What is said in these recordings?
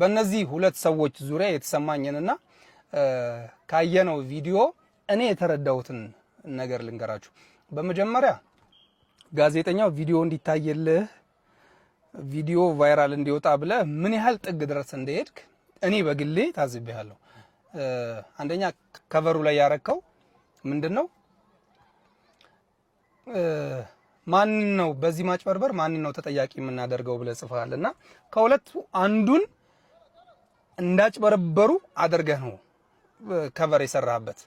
በእነዚህ ሁለት ሰዎች ዙሪያ የተሰማኝንና ካየነው ቪዲዮ እኔ የተረዳሁትን ነገር ልንገራችሁ። በመጀመሪያ ጋዜጠኛው ቪዲዮ እንዲታየልህ ቪዲዮ ቫይራል እንዲወጣ ብለህ ምን ያህል ጥግ ድረስ እንደሄድክ እኔ በግሌ ታዝቤያለሁ። አንደኛ ከቨሩ ላይ ያረከው ምንድን ነው? ማን ነው በዚህ ማጭበርበር ማን ነው ተጠያቂ የምናደርገው ብለህ ጽፈሃል እና ከሁለቱ አንዱን እንዳጭበረበሩ አድርገህ ነው ከቨር የሰራህበት።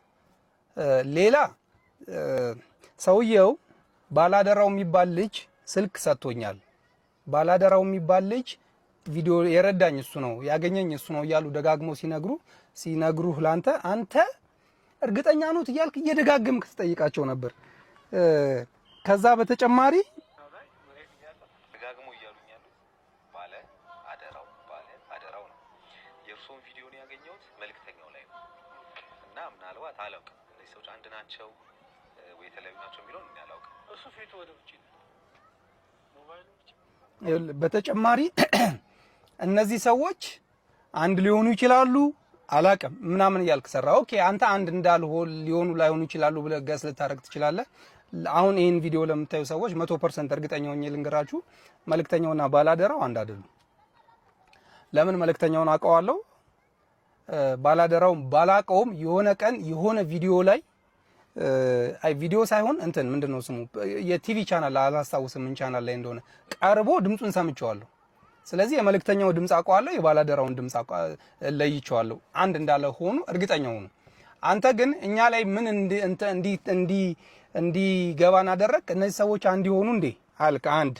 ሌላ ሰውየው ባላደራው የሚባል ልጅ ስልክ ሰጥቶኛል። ባላደራው የሚባል ልጅ ቪዲዮ የረዳኝ እሱ ነው ያገኘኝ እሱ ነው እያሉ ደጋግመው ሲነግሩ ሲነግሩህ ላንተ አንተ እርግጠኛ ኖት እያልክ እየደጋግም ትጠይቃቸው ነበር። ከዛ በተጨማሪ መልክተኛው ላይ ነው እና ምናልባት አላውቅ እነዚህ ሰዎች አንድ ናቸው ወይ የተለያዩ ናቸው የሚለውን እኔ አላውቅም። እሱ ፊቱ ወደ ውጭ በተጨማሪ እነዚህ ሰዎች አንድ ሊሆኑ ይችላሉ አላቅም ምናምን እያልክ ሰራ። ኦኬ አንተ አንድ እንዳልሆን ሊሆኑ ላይሆኑ ይችላሉ ብለህ ገስ ልታደርግ ትችላለህ። አሁን ይህን ቪዲዮ ለምታዩ ሰዎች መቶ ፐርሰንት እርግጠኛ ሆኜ ልንገራችሁ፣ መልእክተኛውና ባላደራው አንድ አይደሉም። ለምን? መልእክተኛውን አውቀዋለሁ። ባላደራውም ባላቀውም የሆነ ቀን የሆነ ቪዲዮ ላይ አይ ቪዲዮ ሳይሆን እንትን ምንድን ነው ስሙ የቲቪ ቻናል አላስታውስም፣ ምን ቻናል ላይ እንደሆነ ቀርቦ ድምፁን ሰምቼዋለሁ። ስለዚህ የመልእክተኛው ድምፅ አውቀዋለሁ፣ የባላደራውን ድምፅ ለይቼዋለሁ። አንድ እንዳለ ሆኑ እርግጠኛ ሆኑ። አንተ ግን እኛ ላይ ምን እንዲገባን አደረግ? እነዚህ ሰዎች አንድ ሆኑ እንዴ አልክ። አንድ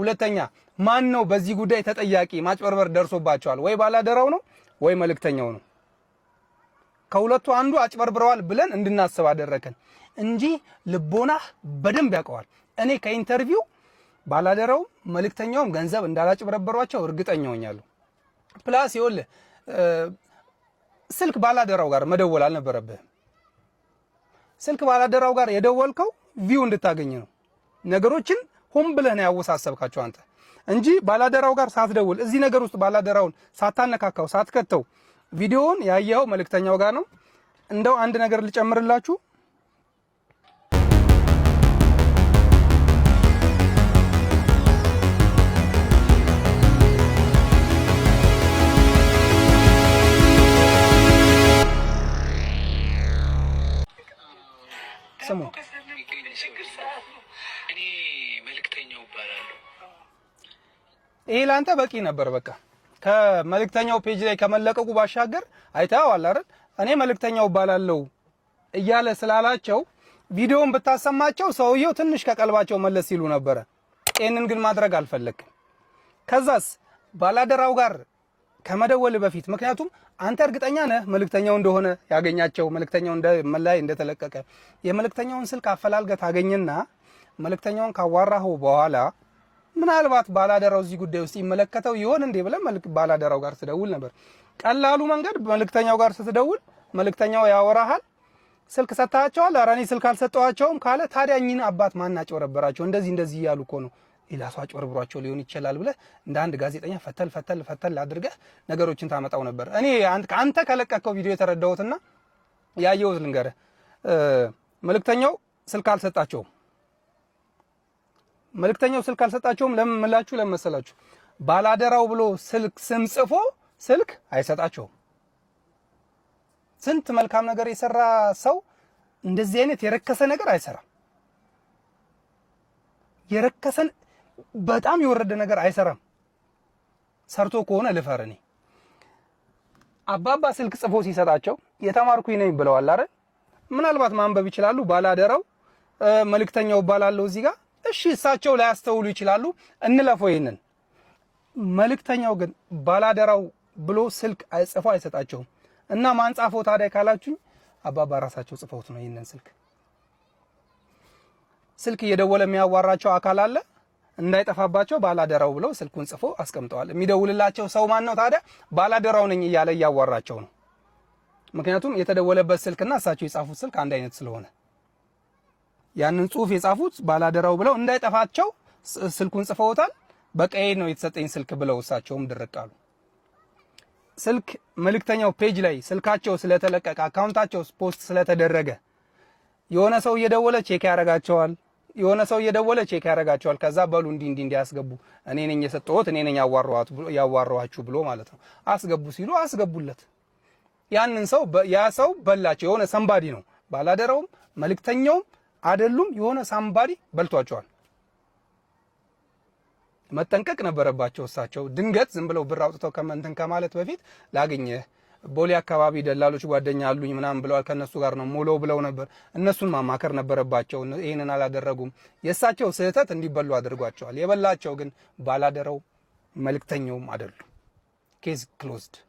ሁለተኛ ማን ነው በዚህ ጉዳይ ተጠያቂ? ማጭበርበር ደርሶባቸዋል ወይ ባላደራው ነው ወይ መልእክተኛው ነው። ከሁለቱ አንዱ አጭበርብረዋል ብለን እንድናስብ አደረከን እንጂ ልቦናህ በደንብ ያውቀዋል። እኔ ከኢንተርቪው ባላደራውም መልእክተኛውም ገንዘብ እንዳላጭበረበሯቸው እርግጠኛ ሆኛለሁ። ፕላስ ይወል ስልክ ባላደራው ጋር መደወል አልነበረብህም። ስልክ ባላደራው ጋር የደወልከው ቪው እንድታገኝ ነው። ነገሮችን ሆን ብለህ ነው ያወሳሰብካቸው አንተ። እንጂ ባላደራው ጋር ሳትደውል እዚህ ነገር ውስጥ ባላደራውን ሳታነካካው ሳትከተው ቪዲዮውን ያየኸው መልእክተኛው ጋር ነው። እንደው አንድ ነገር ልጨምርላችሁ ስሙ። እኔ መልእክተኛው እባላለሁ። ይሄ ላንተ በቂ ነበር። በቃ ከመልእክተኛው ፔጅ ላይ ከመለቀቁ ባሻገር አይተኸዋል አይደል? እኔ መልእክተኛው እባላለሁ እያለ ስላላቸው ቪዲዮውን ብታሰማቸው ሰውየው ትንሽ ከቀልባቸው መለስ ሲሉ ነበረ። ይህንን ግን ማድረግ አልፈለግም። ከዛስ ባላደራው ጋር ከመደወል በፊት ምክንያቱም አንተ እርግጠኛ ነህ መልእክተኛው እንደሆነ ያገኛቸው መልእክተኛው ላይ እንደተለቀቀ የመልእክተኛውን ስልክ አፈላልገት ታገኝና መልእክተኛውን ካዋራኸው በኋላ ምናልባት ባላደራው እዚህ ጉዳይ ውስጥ ይመለከተው ይሆን እንዴ ብለን ባላደራው ጋር ስደውል ነበር። ቀላሉ መንገድ መልእክተኛው ጋር ስትደውል መልእክተኛው ያወራሃል። ስልክ ሰጥታቸዋል። ኧረ እኔ ስልክ አልሰጠኋቸውም ካለ ታዲያ እኚህን አባት ማን አጭበረበራቸው? እንደዚህ እንደዚህ እያሉ እኮ ነው ሌላ ሰው አጭበርብሯቸው ሊሆን ይችላል ብለህ እንደ አንድ ጋዜጠኛ ፈተል ፈተል ፈተል አድርገህ ነገሮችን ታመጣው ነበር። እኔ አንተ ከለቀቀው ቪዲዮ የተረዳሁትና ያየሁት ልንገርህ፣ መልእክተኛው ስልክ አልሰጣቸውም መልእክተኛው ስልክ አልሰጣቸውም። ለምን ምላችሁ ለምን መሰላችሁ? ባላደራው ብሎ ስልክ ስም ጽፎ ስልክ አይሰጣቸውም። ስንት መልካም ነገር የሰራ ሰው እንደዚህ አይነት የረከሰ ነገር አይሰራም። የረከሰን በጣም የወረደ ነገር አይሰራም። ሰርቶ ከሆነ ልፈር እኔ አባባ ስልክ ጽፎ ሲሰጣቸው የተማርኩኝ ነኝ ብለዋል አይደል? ምናልባት ማንበብ ይችላሉ። ባላደራው መልእክተኛው እባላለሁ እዚህ ጋር እሺ እሳቸው ላያስተውሉ ይችላሉ፣ እንለፈው ይህንን። መልእክተኛው ግን ባላደራው ብሎ ስልክ ጽፎ አይሰጣቸውም። እና ማን ጻፈው ታዲያ ካላችሁኝ አባባ ራሳቸው ጽፈውት ነው። ይህንን ስልክ ስልክ እየደወለ የሚያዋራቸው አካል አለ እንዳይጠፋባቸው ባላደራው ብለው ስልኩን ጽፎ አስቀምጠዋል። የሚደውልላቸው ሰው ማን ነው ታዲያ? ባላደራው ነኝ እያለ እያዋራቸው ነው። ምክንያቱም የተደወለበት ስልክና እሳቸው የጻፉት ስልክ አንድ አይነት ስለሆነ ያንን ጽሁፍ የጻፉት ባላደራው ብለው እንዳይጠፋቸው ስልኩን ጽፈውታል። በቀይ ነው የተሰጠኝ ስልክ ብለው እሳቸውም ድርቅ አሉ። ስልክ መልእክተኛው ፔጅ ላይ ስልካቸው ስለተለቀቀ አካውንታቸው ፖስት ስለተደረገ የሆነ ሰው እየደወለ ቼክ ያረጋቸዋል። የሆነ ሰው እየደወለ ቼክ ያረጋቸዋል። ከዛ በሉ እንዲ እንዲ እንዲያስገቡ እኔ ነኝ የሰጠሁት እኔ ነኝ ያዋራኋችሁ ብሎ ማለት ነው። አስገቡ ሲሉ አስገቡለት። ያንን ሰው ያ ሰው በላቸው። የሆነ ሰንባዲ ነው ባላደራውም መልእክተኛውም አይደሉም የሆነ ሳምባዲ በልቷቸዋል። መጠንቀቅ ነበረባቸው። እሳቸው ድንገት ዝም ብለው ብር አውጥተው ከመንትን ከማለት በፊት ላግኘህ ቦሌ አካባቢ ደላሎች ጓደኛ አሉኝ ምናምን ብለዋል። ከእነሱ ጋር ነው ሞሎ ብለው ነበር። እነሱን ማማከር ነበረባቸው። ይህንን አላደረጉም። የእሳቸው ስህተት እንዲበሉ አድርጓቸዋል። የበላቸው ግን ባላደረው መልክተኛውም አይደሉም። ኬዝ ክሎዝድ